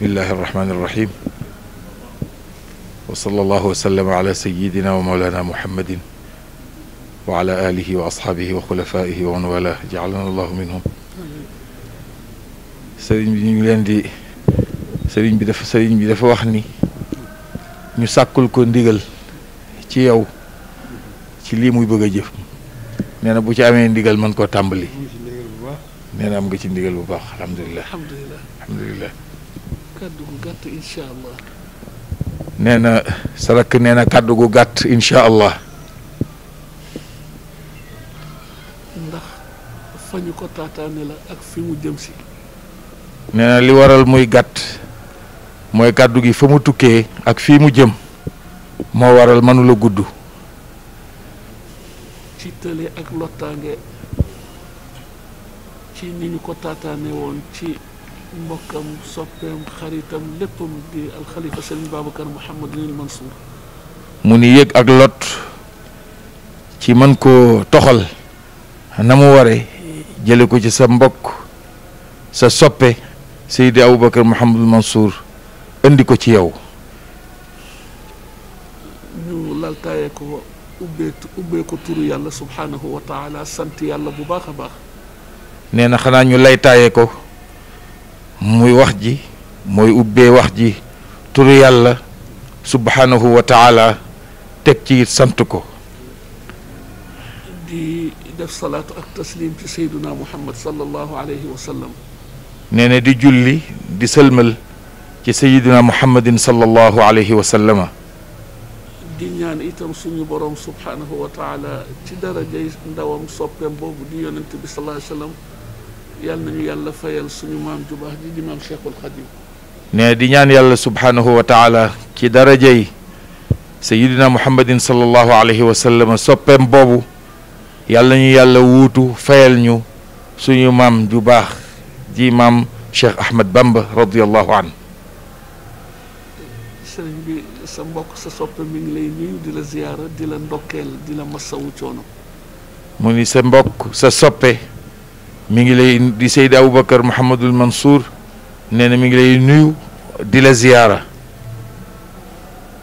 bismillahi irrahmani irrahim wa sallallahu wa sallam ala sayidina wa mawlana muhammadin wa ala alihi wa asxaabihi wa xulafaihi wa man wala jaalana allahu minhum sëriñ bi ñu ngi leen di sëriñ bi dafa sëriñ bi dafa wax ni ñu sàkkul ko ndigal ci yow ci lii muy bëgg a jëf nee na bu ci amee ndigal mën koo tàmbali nee na am nga ci ndigal bu baax alhamdulilah alhamdulilah kàddu gu gàtt incha allah. na sarak nee na kàddu gu gàtt incha ndax fa ñu ko taataane la ak fi mu jëm si. nee li waral muy gàtt mooy kàddu gi fa mu tukkee ak fii mu jëm moo waral mënula gudd. ci tële ak lottaange ci ni ñu ko taataane woon ci. mbokkam soppeem xaritam léppam di mu ni yëg ak lot ci man ko toxal na mu waree jële ko ci sa mbokk sa soppe Seydi Aboubacar Mouhamadul Mansour indi ko ci yow ñu laltaaye ko ubbee ko turu yàlla subhaanahu wa taala sant yàlla bu baax a baax nee na xanaa ñu laytaaye ko muy wax ji mooy ubbee wax ji turu yàlla subhanahu wa teg ci sant ko di def salaatu ak taslim ci sayduna muhammad sallallahu alayhi wa na di julli di sëlmal ci sayidina muhammadin sallallahu alayhi wa sallama di ñaan itam suñu borom subhanahu wa taala ci darajay ndawam soppeem boobu di yonent bi sallallahu alayhi yàlla nañu yàlla fayal suñu maam ju di maam Cheikhul Khadim ñaan yàlla subhaanahu wa taala ci darajey sayidina muhammadin sallallahu alayhi wa sallam soppeem boobu yàlla ñu yàlla wuutu fayal ñu suñu maam ju baax ji maam Cheikh Ahmed Bamba radiallahu an sëriñ bi sa mbokk sa soppe mi ngi sa mbokk sa soppe mi ngi lay di Seydi Aboubacar Mouhamadul Mansour nee na mi ngi lay nuyu di la ziyaara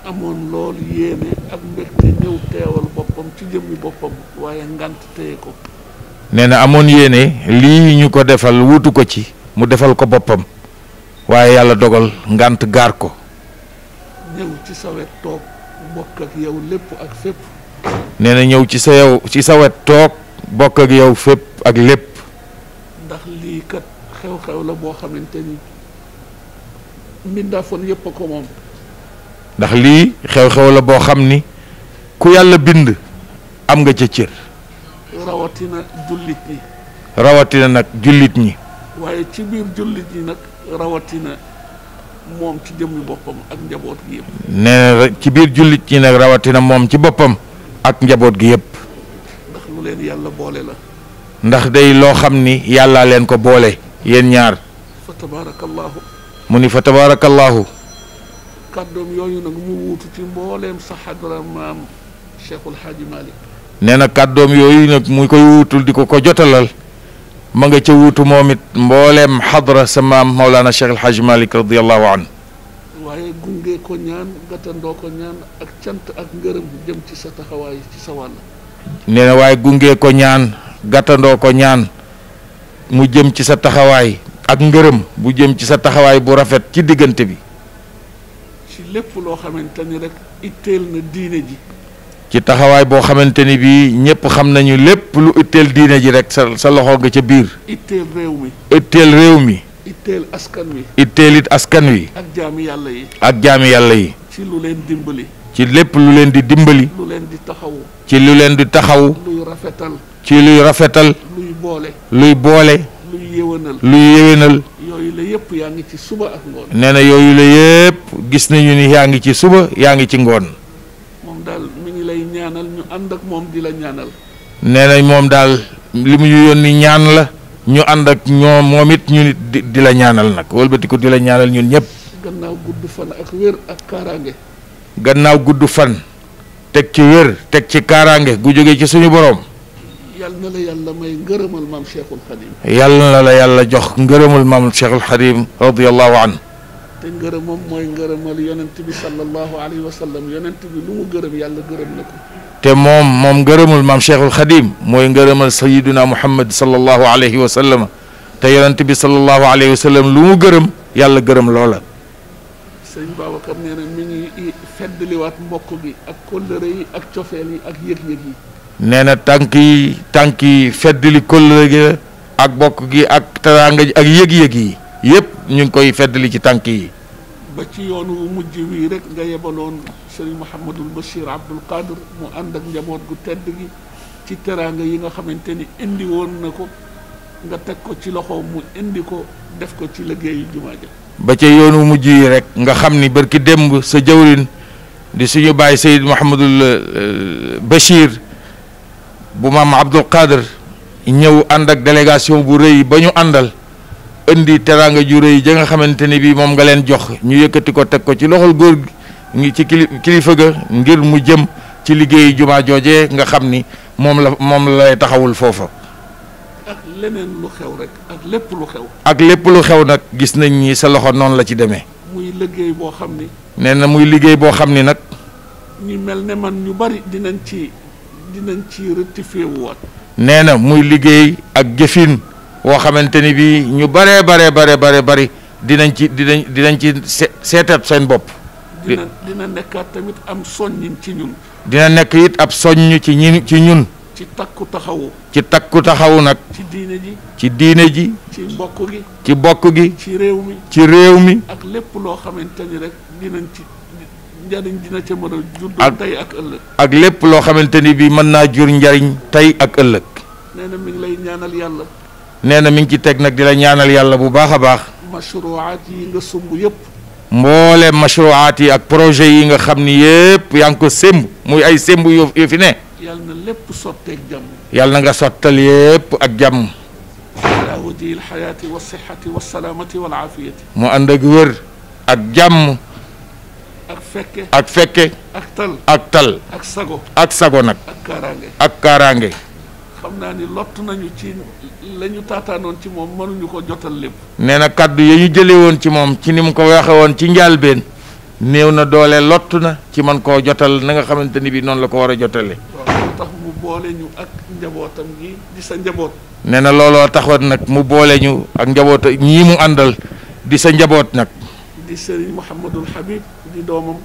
amoon loolu yéene ak mbégte ñëw teewal boppam ci jëmmi boppam waaye ngant téye ko nee na amoon yéene lii ñu ko defal wutu ko ci mu defal ko boppam waaye yàlla dogal ngànt gaar ko ñëw ci sa wet toog bokk ak yow lépp ak fépp nee ñëw ci sa yow ci sa wet toog bokk ak yow fépp ak lépp ndax lii kat xew-xew la boo xamante ni mbindaafoon yëpp a ko moom. ndax lii xew-xew la boo xam ni ku yàlla bind am nga ca cër. rawatina jullit ñi. rawatina nag jullit ñi. waaye ci biir jullit ñi nag rawatina moom ci jëmmi boppam ak njaboot gi yëpp. biir jullit ñi nag rawatina moom ci boppam ak njaboot gi yëpp. ndax lu leen yàlla boole la. ndax day loo xam ni yàllaa leen ko boole yéen ñaar fa tabaarakallaahu mu ni fa tabaarakallaahu kàddoom yooyu nag mu wuutu ci mbooleem sa xadra maam Cheikhul Haaji Malick nee na kàddoom yooyu nag mu ko wuutul di ko ko jotalal ma nga ca wuutu moom it mbooleem xadra sa maam Mawlana Cheikh El Hadj Malick radiallahu an waaye gunge ko ñaan gàttandoo ko ñaan ak cant ak ngërëm jëm ci sa taxawaay ci sa wàll nee waaye gunge ko ñaan gàttandoo ko ñaan mu jëm ci sa taxawaay ak ngërëm bu jëm ci sa taxawaay bu rafet ci diggante bi. ci lépp loo xamante ni itteel na diine ji. ci taxawaay boo xamante ni bii ñëpp xam nañu lépp lu itteel diine ji rek sa sa loxo nga ca biir. itteel réew mi. itteel askan wi. itteel askan wi. ak jaami yàlla yi. ak jaami yàlla yi. ci lu leen dimbali. ci lépp lu leen di dimbali. lu leen di taxawu. ci lu leen di taxawu. luy rafetal. ci luy rafetal. luy boole. luy boole. luy yéwénal. yooyu la yëpp yaa ngi ci suba ak ngoon. nee na yooyu la yëpp gis nañu ni yaa ngi ci suba yaa ngi ci ngoon. moom daal nee na moom daal li mu ñu yónni ñaan la ñu ànd ak ñoom moom it ñu di di la ñaanal nag wëlbati ko di la ñaanal ñun ñëpp. gannaaw gudd fan teg ci wér teg ci kaaraange gu jógee ci suñu boroom yàlla na la yàlla may ngërëmal maam Cheikhul Xadim. yàlla na la yàlla jox ngërëmal maam Cheikhul Xadim radiyallahu an te ngërëm moom mooy ngërëmal yonent bi sallallahu alayhi wa sallam yonent bi lu mu gërëm yàlla gërëm na ko. te moom moom ngërëmul maam Cheikhul Xadim mooy ngërëmal sayiduna Muhammad sallallahu alayhi wa sallam te yonent bi sallallahu alayhi wa sallam lu mu gërëm yàlla gërëm loola. sëñ Babacar nee na mi ngi feddliwaat mbokk gi ak kóllëre yi ak cofeel yi ak yëg-yëg yi. nee na tànk yi tànk yi feddali kóllëre gi ak bokk gi ak teraanga ji ak yëg-yëg yi yëpp ñu ngi koy feddali ci tànk yi. ba ci yoonu mujj wii rek nga yebaloon sëriñ Mouhamadul Bachir njaboot gu teraanga yi nga xamante ni indi ko teg ko ci loxo mu ko def ko ci liggéeyu jumaa yoonu mujj yi rek nga xam ni barki démb sa jawrin di suñu bàyyi Seyd Mouhamadul euh, Bachir. bu maam Abdul Qadir ñëw ànd ak délégation bu rëy ba ñu àndal indi teraanga ju rëy ja nga xamante ni bii moom nga leen jox ñu yëkkati ko teg ko ci loxol góor ngi ci kilifa ga ngir mu jëm ci liggéeyu jumaa jooje nga xam ni moom la moom lay taxawul foofa. ak leneen lu xew rek ak lépp lu xew. nag gis nañ ñi sa loxo noonu la ci demee. muy na muy liggéey boo xam ni nag. ñu mel ne man ñu bari dinañ ci. dinañ ci rectifier nee na muy liggéey ak jëfin woo xamante ni bii ñu baree baree baree baree bari dinañ ci dinañ dinañ ci seetaat seen bopp. dina dina tamit am soññ ci ñun. dina nekk it ab soññ ci ñi ci ñun. ci takku taxawu. ci takku taxawu nag. ci diine ji. ci diine gi. ci réew mi. ci réew mi. ak lépp loo xamante ni rek dinañ ci. njariñ dina ak lépp loo xamante ni bi mën naa jur njariñ tey ak ëllëg yàlla nee na mi ngi ci teg nag di la ñaanal yàlla bu baax a baax mashruwaat yi nga sumb yëpp mboole yi ak projet yi nga xam ni yëpp yaa ngi ko sémb muy ay sémb yu fi ne yàlla na lépp sotteeg jàmm na nga sottal ak jàmm alaa wajhi alxayaati mu ànd ak wér ak jàmm ak fekke ak fekke tal ak tal ak sago nag ak kaaraange ak kaaraange xam naa ni lott nañu ci la ñu taataanoon ci moom mënuñu ko jotal lépp nee na kàddu ya ñu jële woon ci moom ci ni mu ko waxe woon ci njaalbeen néew na doole lott na ci man koo jotal na nga xamante ni bi noonu la ko war a jotale waaw ñu ak njaboot nee na looloo taxoon nag mu boole ñu ak njaboot ñii mu àndal di sa njaboot nag di sëriñ Mouhamadul Habib di doomam.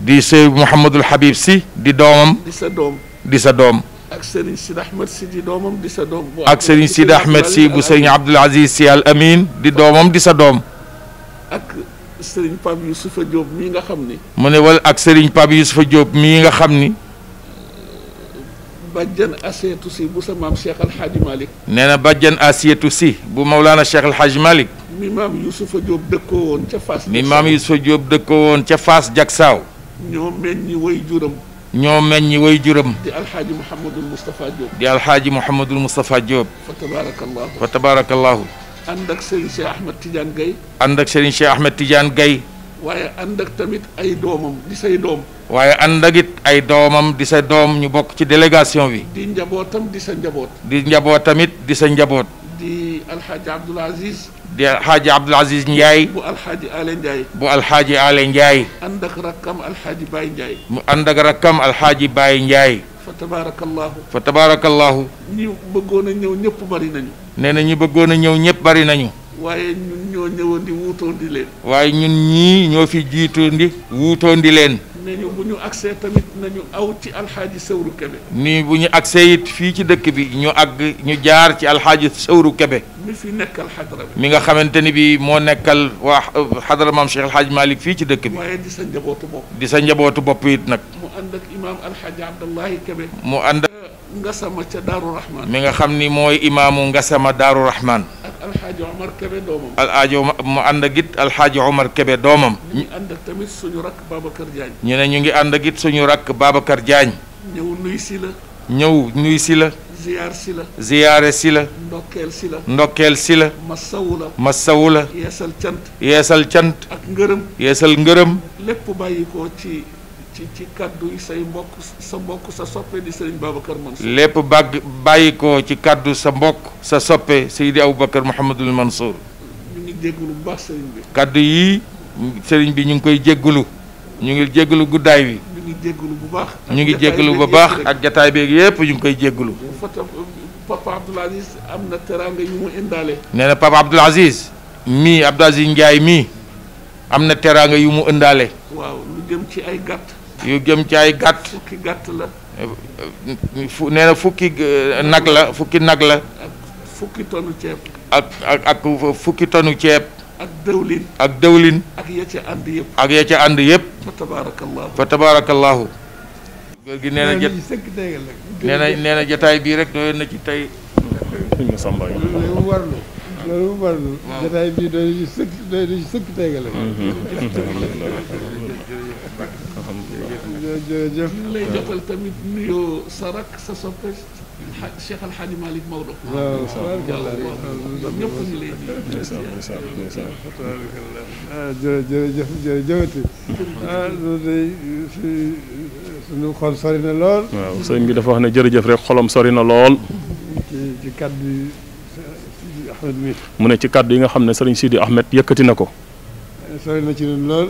di sëriñ Mouhamadul Habib si di doomam. di sa doom di sa doom. ak sëriñ Sidi Ahmed si di doomam di sa doom. ak sëriñ Sidi Ahmed si bu sëriñ Abdoul Aziz si al Amin di doomam di sa doom. ak sëriñ Pape Youssoufa Diop mii nga xam ni. mu ne wala ak sëriñ Pape Youssoufa Diop mii nga xam ni. bàjjan Asietu si bu sa maam Cheikh Al Hadj Malick. nee na bàjjan Asietu si bu Mawlana Cheikh Al Hadj Malick. mi maam Youssoupha Diop dëkkoo woon ca Fass. mi maam Youssoupha Diop dëkkoo woon ca Fass Jaksaaw. ñoo meññ way juram. ñoo meññ way juram. di alxaaji Mouhamadul Moustapha Diop. di alxaaji Mouhamadul Moustapha Diop. fa tabaarakallaahu fa tabaarakallaahu. ànd ak Serigne Cheikh Ahmed Tidiane Gueye. ànd ak Serigne Cheikh Ahmed Tidiane Gueye. waaye ànd ak tamit ay doomam di say doom. waaye ànd ak it ay doomam di sa doom ñu bokk ci délégation bi. di njabootam di sa njaboot. di njabootamit di sa njaboot. di alxaaji Abdoul Aziz. di Ndiaye. bu alxaaji mu ànd ak rakkam alxaaji Baye Ndiaye. fa tabaarakallaahu. fa tabaarakallaahu. ñi bëggoon a ñëw ñëpp bari nañu. nee na ñi bëggoon a ñëw ñëpp bari nañu. waaye ñun ñi ñoo fi jiitoon di. wuutoon di leen. nañu bu ñu agsee tamit nañu aw ci alxaaji sëwru kebe bu ñu agsee it fii ci dëkk bi ñu àgg ñu jaar ci alxaaji sëwru kebe mi fi nekkal xadra mi nga xamante ni bi moo nekkal waa xadra maam Cheikh alxaaji Malick fii ci dëkk bi waaye di sa njabootu bopp di sa njabootu bopp it nag Ngasama ca Daaru mi nga xam ni mooy imaamu Ngasama Daaru Rahman. ak Alxaaji Omar Kebe mu ànd ak it Alxaaji Omar doomam. ñu ngi ànd ak tamit ñu ne ñu ngi ànd ak it suñu rakk Babacar Diagne. ñëw nuy si la. ñëw nuy si la. ziyaar si la. ziyaare si la. ndokkeel si la. ndokkeel si la. masawu la. masawu la. yeesal cant. ak ngërëm. yeesal ngërëm. lépp bàyyi ko ci. ci ci kaddu sa mbokk sa soppe di lépp bàgg bàyyi ko ci kaddu sa mbokk sa soppe Seydi Aboubacar Mouhamadul Mansour. ñu ngi jégalu bu baax Serigne bi. kaddu yii Serigne bi ñu ngi koy jégalu ñu ngi jégalu guddaay wi. ñu ngi jégalu bu baax. ñu ngi jégalu bu baax ak jataay beeg yëpp ñu ngi koy jégalu. papa Abdoul Aziz am na teraanga yu mu indaale. nee na papa Abdoul Aziz mii Abdoul Aziz Ndiaye mii am na teraanga yu mu indaale. ci ay gàtt. yu jëm ca ay gàtt. fukki gàtt la. fu nee na fukki eh, nag la fukki nag la. ak fukki tonu ceeb. ak tonu ceeb. ak dëwlin. ak dëwlin. ak ya ca ànd yëpp. ak ya ca ànd yëpp. fa tabaarakallaahu fa tabaarakallaahu. nee na jot nee na nee na jotaay bii rek doyoon na ci tey. jërëjëf ñu lay jotal tamit bi dafa wax ne jërëjëf rek xolam sori na lool. ci ci kaddu mu ne ci kaddu yi nga xam ne sëriñ Sidi Ahmed yëkkati na ko.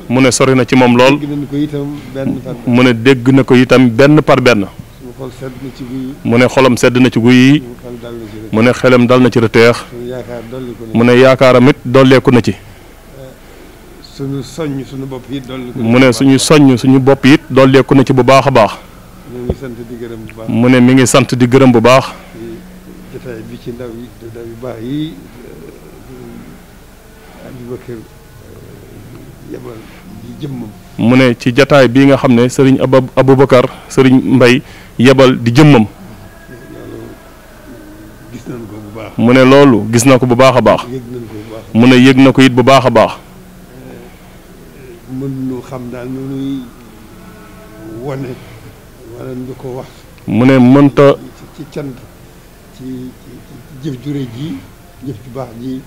mu ne sori na ci moom lool mu ne dégg na ko itam benn par benn mu ne xolam sedd na ci guy yi mu ne xelam dal na ci rëteex mu ne yaakaaram it dolleeku na ci eh, suñu soññ suñu bopp mu ne suñu soñ suñu bopp it dolleeku na ci bu baax a baax mu ne mi ngi sant di gërëm bu baax bi ci ndaw yu baax yi eh, mu ne ci jataay bii nga xam ne sëriñ Aba Aboubacar sëriñ Mbay yebal di jëmmam. mu ne loolu gis na ko bu baax a baax. mu ne yëg na ko it bu baax a baax. Eh, mu ne mënta. ci cant ci jëf ju rëy ji jëf ju baax ji.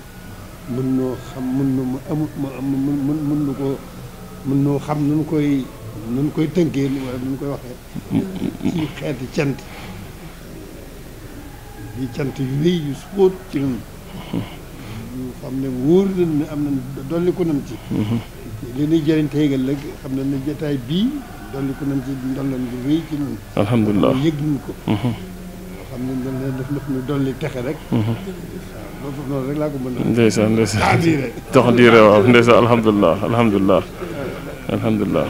mën noo xam mën na mu amul mu mun mun nu ko mën noo xam nu koy nu koy tënkee wala nu koy waxee ci xeeti cant cant yu rëy yu sóot ci ñun yu mm-hmm. xam ne wóor nañ ne am na dolliku nañ ci mm-hmm. li ñuy jëriñ teegal rek xam ne na jotaay bii dolliku nañ ci ndollan lu rëy ci ñun alhamdulilah yëg ko mm-hmm. xam ne dañ leen def def mm-hmm. a. ndeysaan tax diire waaw ndeysaan alhamdulilah alhamdulilah. alhamdulilah.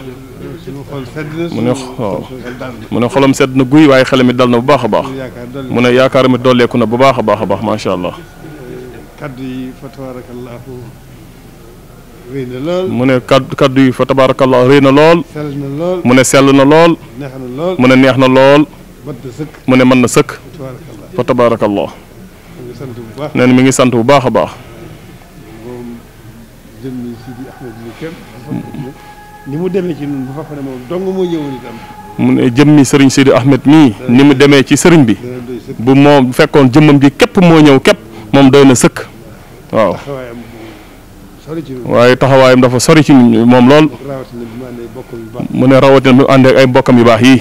mu ne xolam sedd na guy waaye xel mi dal na bu baax a baax. mu ne yaakaar mi dolleeku na bu baax a baax a baax macha allah. kaddu yi fa tabaarakallaahu rëy na lool mu ne kaddu kaddu yi fa tabaarakallaahu na lool. sell na lool mu ne sell na neex na lool mu ne neex na sëkk. fa tabaarakallah nee na mi ngi sant bu baax a baax. ni mu demee ci ñun bu fekkoon ne moom mu ne jëmmi sëriñ Sidi Ahmed mii ni mu demee ci sëriñ bi bu moom fekkoon jëmmam ji képp moo ñëw képp moom doy na sëkk waaw waaye taxawaayam dafa sori ci moom lool mu ne rawatina bi mu àndee ay bokkam yu baax yi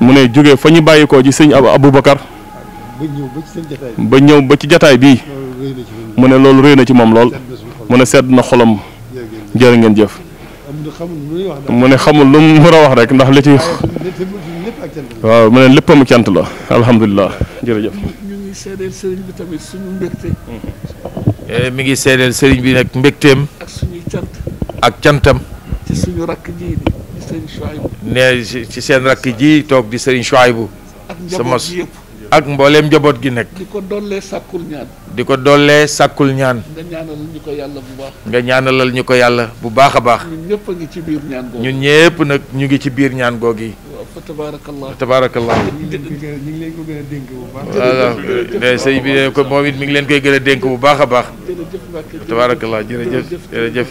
mu ne jóge fa ñu bàyyi ko ji sëñ Aboubacar ba ñëw ba ci jataay bii mu ne loolu rëy na ci moom lool mu ne sedd na xolam jërë ngeen jëf mu ne xamul lu mu a wax rek ndax li ci waaw mu ne léppam cant la alhamdulilah jërëjëf. mi ngi seedeel sëriñ bi tamit suñu mbégte. Eh, ngi seedeel sëriñ bi nag mbégteem. ak suñuy cant. ak cantam. ci suñu rakk ji. ne ci seen rakk ji toog di Serigne Chouaïbou sama ak mbooleem njaboot gi nekk. di ko dollee sàkkul ñaan. di ko dollee sàkkul ñaan. nga ñaanalal ñu ko yàlla bu baax. nga ñaanalal ñu ko yàlla bu baax a baax. ñun ñëpp a nag ñu ngi ci biir ñaan googu yi. waaw fa tabaarakallah ko dénk bu bi ne ko moom ngi leen koy gën a dénk bu baax a baax. jërëjëf Mbacke tabaarakallah jërëjëf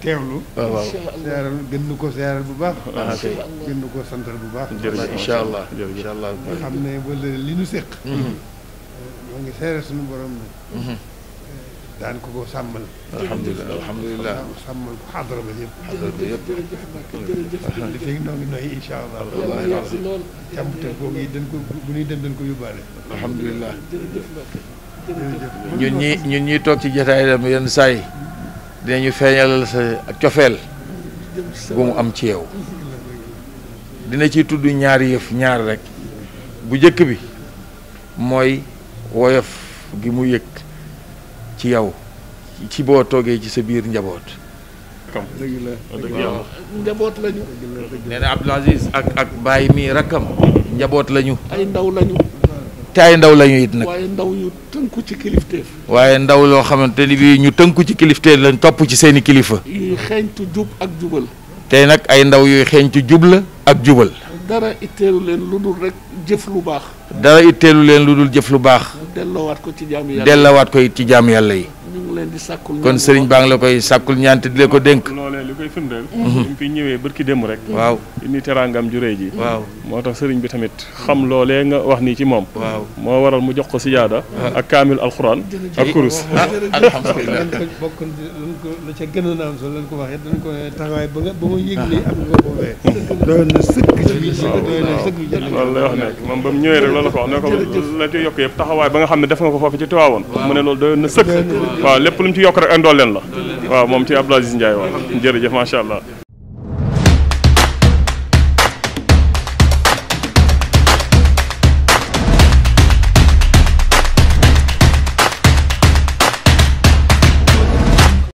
teewlu. Ah, waaw waaw seeral gën na ko seeral bu baax. ah ok gën na ko santal bu baax. jërëjëf incha allah jërëjëf incha allah. nga xam ne wala li nu séq. moo mm-hmm. euh, ngi seeral suñu borom na. Mm-hmm. Euh, daan ko ko sàmmal. alhamdulilah alhamdulilah sàmmal ko xadara ba yëpp. xadara ba yëpp jërëjëf jërëjëf. li fi noo ngi noy incha allah. wallaahi lool càmbte googu yi dañ ko bu ñuy dem dañ ko yóbbaale. alhamdulilah jërëjëf ñun ñii ñun ñii toog ci jotaay dem yenn saa yi ñu feeñalal sa cofeel gu mu am ci yow dina ci tudd ñaari yëf ñaar rek bu jëkk bi mooy woyof gi mu yëg ci yow ci boo toogee ci sa biir njaboot njaboot lañu nee na Aziz ak ak Baye mii rakkam njaboot lañu ay ndaw lañu te ay ndaw la it nag. waaye ndaw yu tënku ndaw loo xamante ni bii ñu tënku ci kilifteef lañ topp ci seen i kilifa. yuy xeeñtu jub ak jubal. tey nag ay ndaw yuy xeeñtu jub la ak jubal. dara itteelu leen lu dul rek jëf lu baax. dara itteelu leen lu dul jëf lu baax. delloowaat ko ci jaamu yàlla yi delloowaat ko ci jaamu yàlla yi. kon sëriñ baa ngi la koy sàkkul ñaan te di la ko dénk. loolee li koy firndeel. Mhm. bi mu fi ñëwee bërki démb rek. waaw indi teraangam juree ji. waaw moo tax sëriñ bi tamit xam loolee nga wax nii ci moom. waaw moo waral mu jox ko siyaada. Ah. ak kaamil alxuraan. ak kurus ah alhamdulilah. la a am solo ko waxee dañ ko ah. wax nekk moom ba mu ñëwee rek loolu la ko wax ne ci yokk yëpp taxawaay ba nga xam ne def nga ko foofu ci Tiwaawoon mu ne loolu doyoon na sëkk waaw lépp lu mu ci yokk rek indoo leen la waaw moom ci Abdou Aziz Ndiaye waaw jërëjëf macha allah